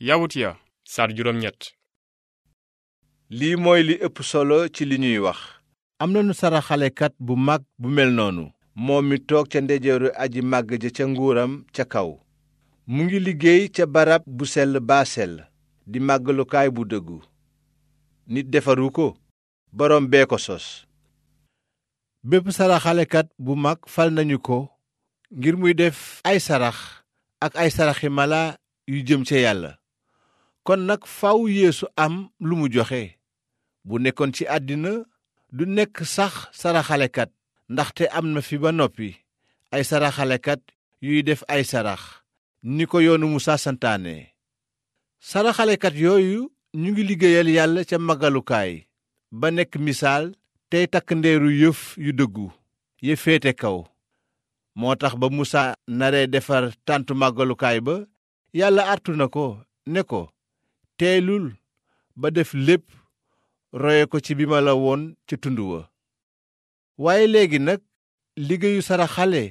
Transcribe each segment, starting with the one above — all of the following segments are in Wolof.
yawut ya lii mooy li ëpp solo ci li ñuy wax am na nañu saraxalekat bu mag bu mel noonu moom mi toog ca ndejeeru aji màgg ja ca nguuram ca kaw mu ngi liggéey ca barab bu sell baa sell di màggalukaay bu dëggu nit defaru ko boroom bee ko sos bépp saraxalekat bu mag fal nañu ko ngir muy def ay sarax ak ay saraxi mala yu jëm ca yàlla kon nag faw yéesu am lu mu joxe bu nekkoon ci àddina du nekk sax saraxalekat ndaxte am na fi ba noppi ay saraxalekat yuy def ay sarax ni ko yoonu musaa santaane saraxalekat yooyu ñu ngi liggéeyal yàlla ca magalukaay ba nekk misaal tey takk ndeeru yëf yu dëggu ya féete kaw moo tax ba musaa naree defar tàntu màggalukaay ba yàlla artu na ko ne ko teelul ba def lépp roye ko ci bi ma la woon ca tund wa waaye léegi nag liggéeyu saraxale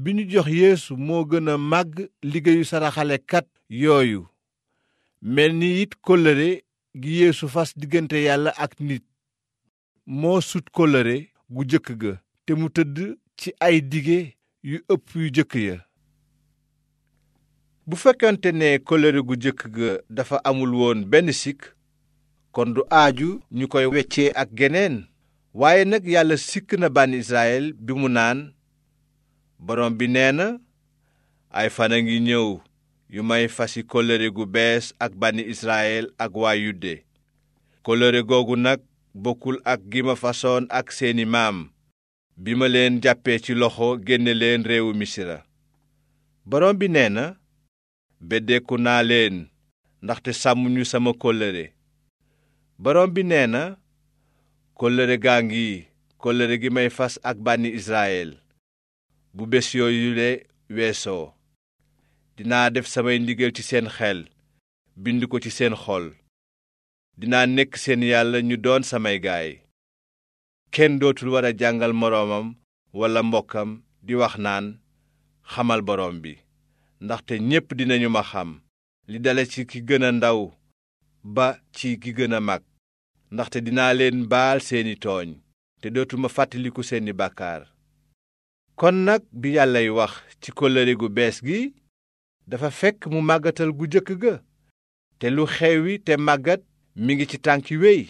bi ñu jox yéesu moo gën a màgg liggéeyu saraxalekat yooyu mel ni it kóllëre gi yeesu fas diggante yàlla ak nit moo sut kóllëre gu jëkk ga te mu tëdd ci ay dige yu ëpp yu jëkk ya bu fekkente ne kóllëre gu jëkk ga dafa amul woon benn sikk kon du aaju ñu koy weccee ak geneen waaye nag yàlla sikk na bànn Israyel bi mu naan borom bi nee na ay fan a ngi ñëw yu may fasi kóllëre gu bees ak bànni Israyel ak waa Yude kóllëre googu nag bokkul ak gi ma fasoon ak seeni maam bi ma leen jàppee ci loxo génne leen réewu misira borom bi nee na beddeeku naa leen ndaxte sàmmuñu sama kóllëre borom bi nee na kóllëre gaa ngi kóllëre gi may fas ak bànni Israyel bu bés yooyule weesoo dinaa def samay ndigal ci seen xel bind ko ci seen xol dinaa nekk seen yàlla ñu doon samay gaay kenn dootul war a jàngal moroomam walla mbokkam di wax naan xamal borom bi ndaxte ñépp dinañu ma xam li dala ci ki gëna ndaw ba ci ki gën a mag ndaxte dinaa leen baal seeni tooñ te dootuma fàttaliku seeni bàkkaar kon nag bi yàllay wax ci kóllëre gu bees gi dafa fekk mu màggatal gu jëkk ga te lu xewi te màggat mu ngi ci tànki wey